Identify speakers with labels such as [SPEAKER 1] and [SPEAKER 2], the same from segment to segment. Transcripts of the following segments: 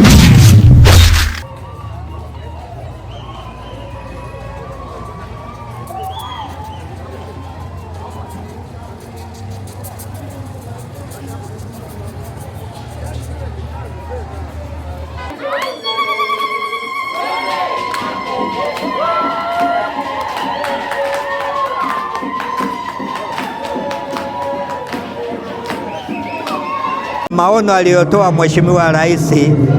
[SPEAKER 1] Thank you. maono aliyotoa Mheshimiwa Rais,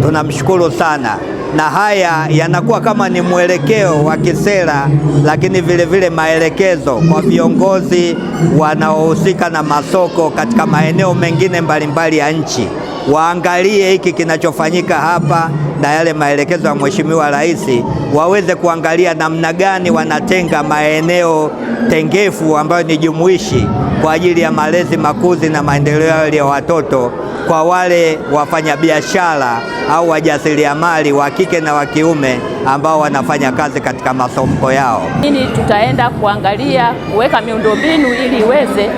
[SPEAKER 1] tunamshukuru sana, na haya yanakuwa kama ni mwelekeo wa kisera, lakini vile vile maelekezo kwa viongozi wanaohusika na masoko katika maeneo mengine mbalimbali ya nchi, waangalie hiki kinachofanyika hapa na yale maelekezo ya Mheshimiwa Rais waweze kuangalia namna gani wanatenga maeneo tengefu ambayo ni jumuishi kwa ajili ya malezi, makuzi na maendeleo ya watoto kwa wale wafanyabiashara au wajasiriamali wa kike na wa kiume ambao wanafanya kazi katika masoko yao.
[SPEAKER 2] Nini tutaenda kuangalia kuweka miundombinu ili iweze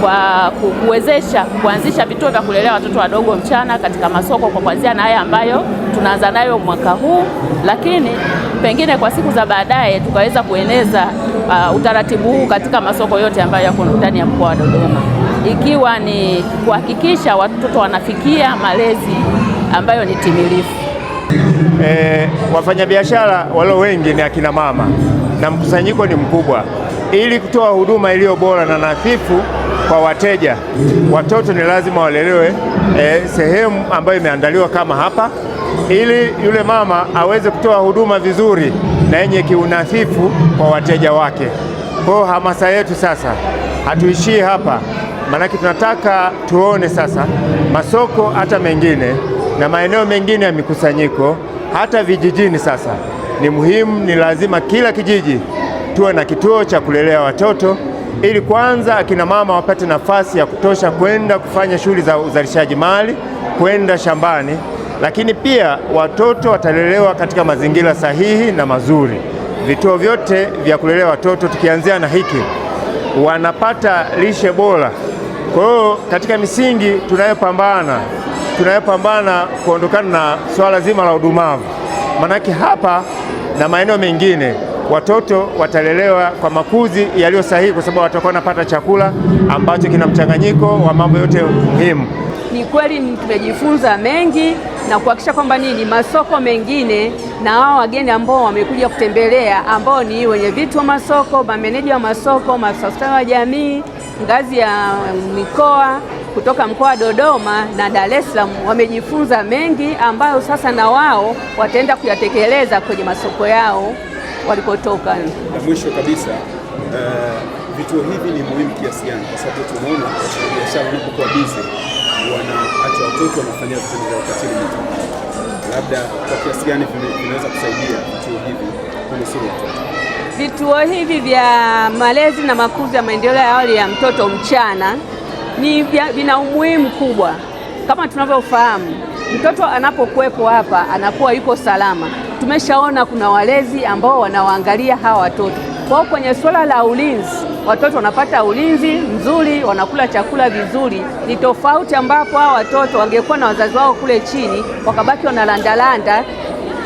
[SPEAKER 2] kwa kuwezesha kuanzisha vituo vya kulelea watoto wadogo mchana katika masoko kwa kuanzia na haya ambayo tunaanza nayo mwaka huu, lakini pengine kwa siku za baadaye tukaweza kueneza uh, utaratibu huu katika masoko yote ambayo yako ndani ya mkoa wa Dodoma ikiwa ni kuhakikisha watoto wanafikia malezi ambayo ni timilifu.
[SPEAKER 3] E, wafanyabiashara walio wengi ni akina mama na mkusanyiko ni mkubwa. Ili kutoa huduma iliyo bora na nadhifu kwa wateja, watoto ni lazima walelewe e, sehemu ambayo imeandaliwa kama hapa, ili yule mama aweze kutoa huduma vizuri na yenye kiunadhifu kwa wateja wake. Kwa hiyo hamasa yetu sasa hatuishii hapa, maanake tunataka tuone sasa masoko hata mengine na maeneo mengine ya mikusanyiko hata vijijini. Sasa ni muhimu, ni lazima kila kijiji tuwe na kituo cha kulelea watoto ili kwanza akina mama wapate nafasi ya kutosha kwenda kufanya shughuli za uzalishaji mali, kwenda shambani, lakini pia watoto watalelewa katika mazingira sahihi na mazuri. Vituo vyote vya kulelea watoto tukianzia na hiki, wanapata lishe bora. Kwa hiyo katika misingi tunayopambana tunayopambana kuondokana na swala zima la udumavu, manake hapa na maeneo mengine watoto watalelewa kwa makuzi yaliyo sahihi, kwa sababu watakuwa wanapata chakula ambacho kina mchanganyiko wa mambo yote muhimu
[SPEAKER 2] ni kweli tumejifunza mengi na kuhakikisha kwamba nini masoko mengine na hao wageni ambao wamekuja kutembelea ambao ni wenye vitu wa masoko, mameneja wa masoko, maafisa wa jamii ngazi ya mikoa kutoka mkoa wa Dodoma na Dar es Salaam wamejifunza mengi ambayo sasa na wao wataenda kuyatekeleza kwenye masoko yao walikotoka. Na
[SPEAKER 4] mwisho kabisa uh vituo hivi ni muhimu kiasi gani, kwa sababu tunaona wafanyabiashara wanapokuwa wana wanaacha watoto wanafanyia vitendo vya ukatili mtu, Labda kwa kiasi gani vinaweza kusaidia vituo hivi kunusuru watoto?
[SPEAKER 2] Vituo hivi vya malezi na makuzi ya maendeleo ya awali ya mtoto mchana ni vina umuhimu kubwa. Kama tunavyofahamu, mtoto anapokuwepo hapa anakuwa yuko salama. Tumeshaona kuna walezi ambao wanawaangalia hawa watoto kwa kwenye suala la ulinzi, watoto wanapata ulinzi mzuri, wanakula chakula vizuri. Ni tofauti ambapo hao watoto wangekuwa na wazazi wao kule chini, wakabaki wanalandalanda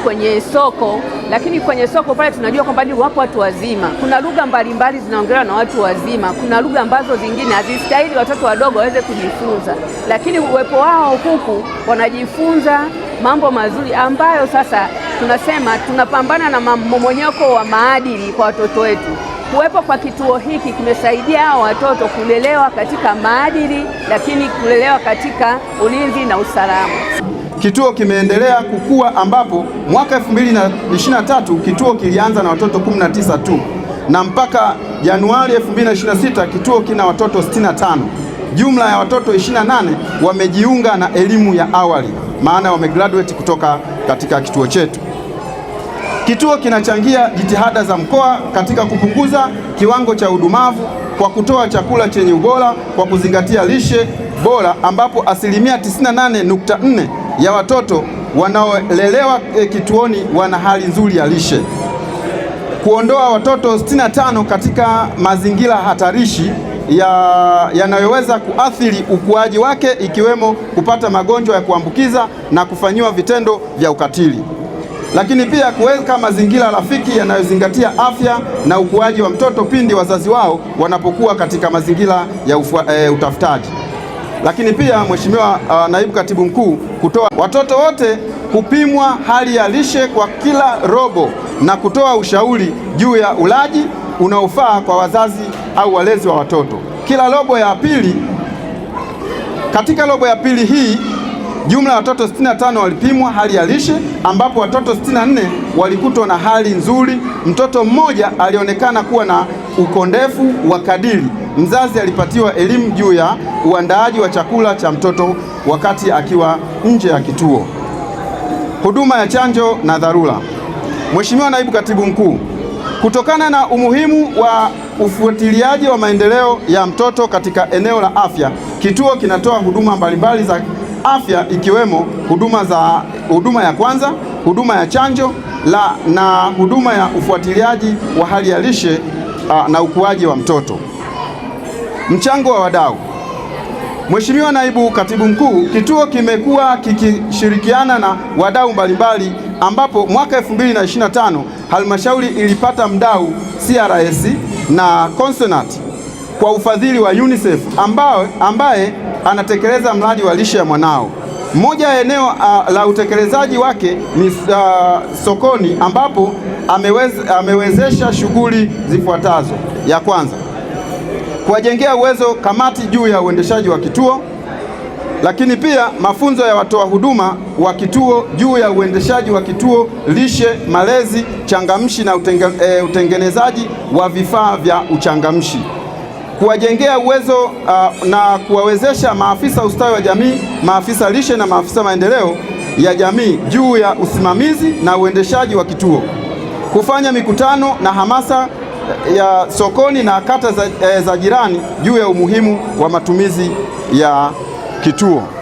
[SPEAKER 2] kwenye soko lakini kwenye soko pale tunajua kwamba ni wapo watu wazima. Kuna lugha mbalimbali zinaongelewa na watu wazima, kuna lugha ambazo zingine hazistahili watoto wadogo waweze kujifunza, lakini uwepo wao huku wanajifunza mambo mazuri ambayo sasa tunasema tunapambana na mmomonyoko wa maadili kwa watoto wetu. Kuwepo kwa kituo hiki kimesaidia hao watoto kulelewa katika maadili, lakini kulelewa katika ulinzi na usalama.
[SPEAKER 3] Kituo kimeendelea kukua ambapo mwaka 2023 kituo kilianza na watoto 19 tu na mpaka Januari 2026 kituo kina watoto 65. Jumla ya watoto 28 wamejiunga na elimu ya awali, maana wamegraduate kutoka katika kituo chetu. Kituo kinachangia jitihada za mkoa katika kupunguza kiwango cha udumavu kwa kutoa chakula chenye ubora kwa kuzingatia lishe bora, ambapo asilimia 98.4 ya watoto wanaolelewa eh, kituoni wana hali nzuri ya lishe. Kuondoa watoto 65 katika mazingira hatarishi yanayoweza kuathiri ukuaji wake ikiwemo kupata magonjwa ya kuambukiza na kufanyiwa vitendo vya ukatili lakini pia kuweka mazingira rafiki yanayozingatia afya na ukuaji wa mtoto pindi wazazi wao wanapokuwa katika mazingira ya ufua, e, eh, utafutaji. Lakini pia Mheshimiwa uh, Naibu Katibu Mkuu, kutoa watoto wote kupimwa hali ya lishe kwa kila robo na kutoa ushauri juu ya ulaji unaofaa kwa wazazi au walezi wa watoto kila robo ya pili. Katika robo ya pili hii Jumla ya watoto 65 walipimwa hali ya lishe, ambapo watoto 64 walikutwa na hali nzuri. Mtoto mmoja alionekana kuwa na ukondefu wa kadiri. Mzazi alipatiwa elimu juu ya uandaaji wa chakula cha mtoto wakati akiwa nje ya kituo. Huduma ya chanjo na dharura. Mheshimiwa Naibu Katibu Mkuu, kutokana na umuhimu wa ufuatiliaji wa maendeleo ya mtoto katika eneo la afya, kituo kinatoa huduma mbalimbali za afya ikiwemo huduma za huduma ya kwanza, huduma ya chanjo la, na huduma ya ufuatiliaji wa hali ya lishe na ukuaji wa mtoto. Mchango wa wadau. Mheshimiwa Naibu Katibu Mkuu, kituo kimekuwa kikishirikiana na wadau mbalimbali ambapo mwaka 2025 halmashauri ilipata mdau CRS na Consonant kwa ufadhili wa UNICEF ambaye, ambaye anatekeleza mradi wa lishe ya mwanao. Moja ya eneo uh, la utekelezaji wake ni uh, sokoni ambapo ameweze, amewezesha shughuli zifuatazo. Ya kwanza, kuwajengea uwezo kamati juu ya uendeshaji wa kituo, lakini pia mafunzo ya watoa huduma wa kituo juu ya uendeshaji wa kituo lishe, malezi changamshi na utenge, e, utengenezaji wa vifaa vya uchangamshi kuwajengea uwezo uh, na kuwawezesha maafisa ustawi wa jamii, maafisa lishe na maafisa maendeleo ya jamii juu ya usimamizi na uendeshaji wa kituo, kufanya mikutano na hamasa ya sokoni na kata za, eh, za jirani juu ya umuhimu wa matumizi ya kituo.